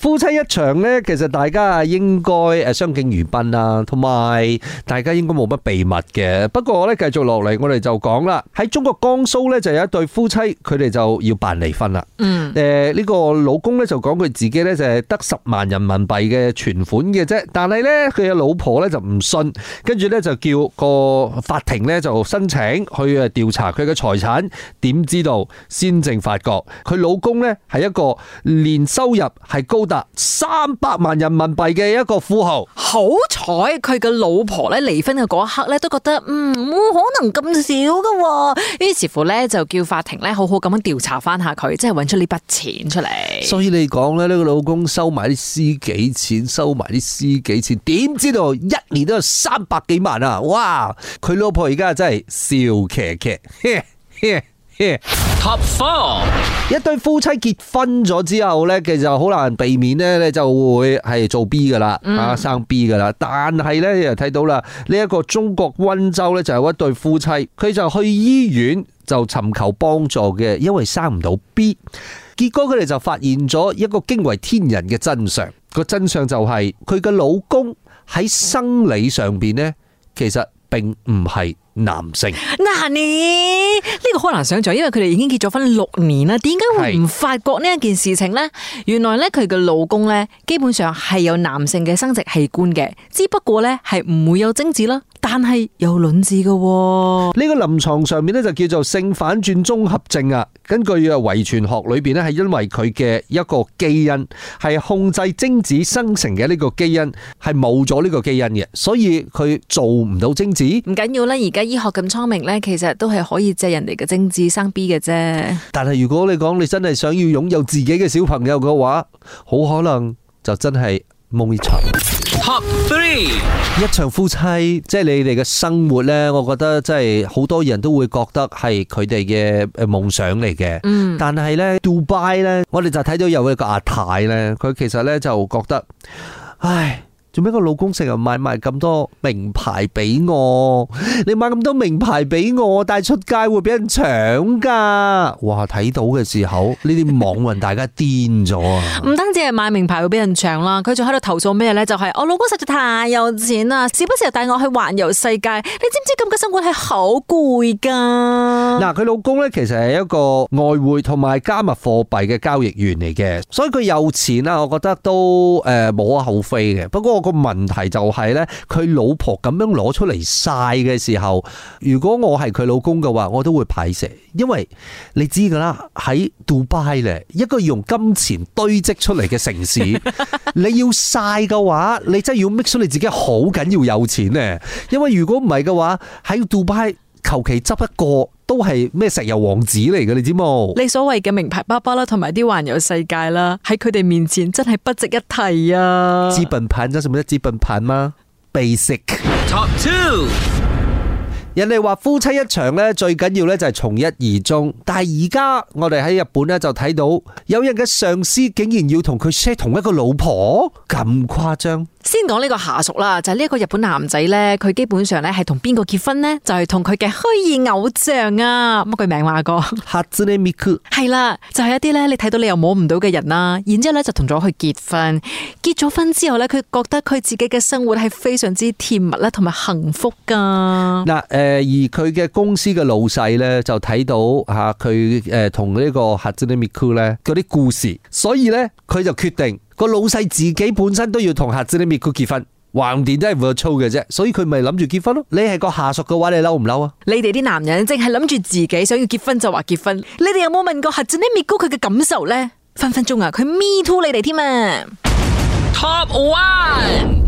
夫妻一場咧，其實大家啊應該誒相敬如賓啦，同埋大家應該冇乜秘密嘅。不過我咧繼續落嚟，我哋就講啦，喺中國江蘇咧就有一對夫妻，佢哋就要辦離婚啦。嗯，誒呢個老公咧就講佢自己咧就係得十萬人民幣嘅存款嘅啫，但係咧佢嘅老婆咧就唔信，跟住咧就叫個法庭咧就申請去誒調查佢嘅財產，點知道先正發覺佢老公咧係一個年收入係高。三百萬人民幣嘅一個富豪，好彩佢嘅老婆咧離婚嘅嗰一刻咧，都覺得嗯冇、嗯、可能咁少噶、啊，於是乎咧就叫法庭咧好好咁樣調查翻下佢，即係搵出呢筆錢出嚟。所以你講咧，呢、這個老公收埋啲私己錢，收埋啲私己錢，點知道一年都有三百幾萬啊？哇！佢老婆而家真係笑騎騎。Yeah. Top five，five. 一對夫妻結婚咗之後呢，其實好難避免呢就會係做 B 噶啦，mm. 生 B 噶啦。但係咧你又睇到啦，呢、這、一個中國溫州呢，就有一對夫妻，佢就去醫院就尋求幫助嘅，因為生唔到 B。結果佢哋就發現咗一個驚為天人嘅真相，那個真相就係佢嘅老公喺生理上邊呢，其實。並唔係男性，嗱，你呢個好難想象，因為佢哋已經結咗婚六年啦，點解會唔發覺呢一件事情呢？是原來咧，佢嘅老公咧，基本上係有男性嘅生殖器官嘅，只不過咧係唔會有精子啦。但係有卵子㗎喎。呢個臨床上面咧就叫做性反轉綜合症啊。根據啊遺傳學裏邊咧係因為佢嘅一個基因係控制精子生成嘅呢個基因係冇咗呢個基因嘅，所以佢做唔到精子。唔緊要啦，而家醫學咁聰明呢，其實都係可以借人哋嘅精子生 B 嘅啫。但係如果你講你真係想要擁有自己嘅小朋友嘅話，好可能就真係夢一場。一場夫妻，即係你哋嘅生活呢。我覺得即係好多人都會覺得係佢哋嘅誒夢想嚟嘅。嗯，但係咧，杜拜呢，我哋就睇到有一個阿太呢，佢其實呢就覺得，唉。做咩個老公成日買埋咁多名牌俾我？ 你買咁多名牌俾我，帶出街會俾人搶噶。哇！睇到嘅時候呢啲網民大家癲咗啊！唔單止係買名牌會俾人搶啦，佢仲喺度投訴咩呢？就係我老公實在太有錢啦，時不時又帶我去環遊世界。你知唔知咁嘅生活係好攰噶？嗱，佢老公呢，其實係一個外匯同埋加密貨幣嘅交易員嚟嘅，所以佢有錢啦，我覺得都誒無可厚非嘅。不過，個問題就係呢，佢老婆咁樣攞出嚟晒嘅時候，如果我係佢老公嘅話，我都會排蛇，因為你知噶啦，喺杜拜呢，一個用金錢堆積出嚟嘅城市，你要晒嘅話，你真係要 m 搣出你自己好緊要有錢呢！因為如果唔係嘅話，喺杜拜。求其執一個都係咩石油王子嚟嘅，你知冇？你所謂嘅名牌包包啦，同埋啲環遊世界啦，喺佢哋面前真係不值一提啊！基本盤，知道什麼叫基本盤嗎？Basic top two。人哋話夫妻一場咧，最緊要咧就係從一而終。但係而家我哋喺日本咧就睇到有人嘅上司竟然要同佢 share 同一個老婆，咁誇張。先講呢個下屬啦，就係呢一個日本男仔咧，佢基本上咧係同邊個結婚呢？就係同佢嘅虛擬偶像啊，乜嘅名話個。Hatsune Miku 係啦，就係、是、一啲咧你睇到你又摸唔到嘅人啦。然之後咧就同咗佢結婚，結咗婚之後咧，佢覺得佢自己嘅生活係非常之甜蜜啦，同埋幸福噶。嗱誒。呃誒，而佢嘅公司嘅老細咧，就睇到吓佢誒，同、呃、呢個 Hatsune Miku 咧嗰啲故事，所以咧佢就決定個老細自己本身都要同 Hatsune Miku 結婚，橫掂都係 virtual 嘅啫，所以佢咪諗住結婚咯。你係個下屬嘅話，你嬲唔嬲啊？你哋啲男人淨係諗住自己想要結婚就話結婚，你哋有冇問過 Hatsune Miku 佢嘅感受咧？分分鐘啊，佢 me too 你哋添啊！Top one。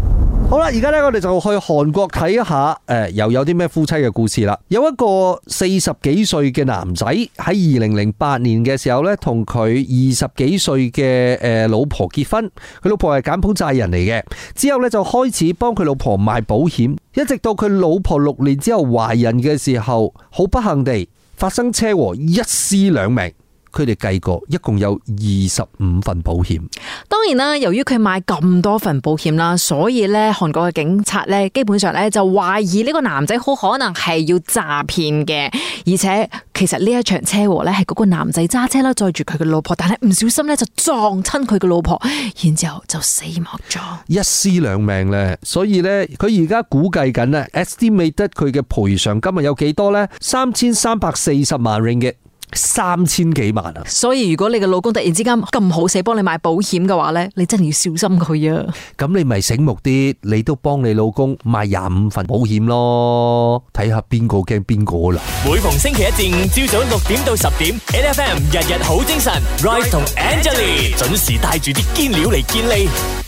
好啦，而家呢，我哋就去韓國睇一下，誒、呃，又有啲咩夫妻嘅故事啦。有一個四十幾歲嘅男仔喺二零零八年嘅時候呢，同佢二十幾歲嘅誒老婆結婚，佢老婆係柬埔寨人嚟嘅，之後呢，就開始幫佢老婆賣保險，一直到佢老婆六年之後懷孕嘅時候，好不幸地發生車禍，一屍兩命。佢哋計過一共有二十五份保險。當然啦，由於佢買咁多份保險啦，所以咧，韓國嘅警察咧，基本上咧就懷疑呢個男仔好可能係要詐騙嘅。而且，其實呢一場車禍咧，係嗰個男仔揸車啦，載住佢嘅老婆，但係唔小心咧就撞親佢嘅老婆，然之後就死亡咗，一屍兩命咧。所以咧，佢而家估計緊呢 estimate 佢嘅賠償金額有幾多呢？三千三百四十萬 Ring 嘅。三千幾萬啊！所以如果你嘅老公突然之間咁好死幫你買保險嘅話咧，你真係要小心佢啊！咁你咪醒目啲，你都幫你老公買廿五份保險咯，睇下邊個驚邊個啦！每逢星期一至五，朝早六點到十點，NFM 日日好精神，Rise 同 Angelie 準時帶住啲堅料嚟見你。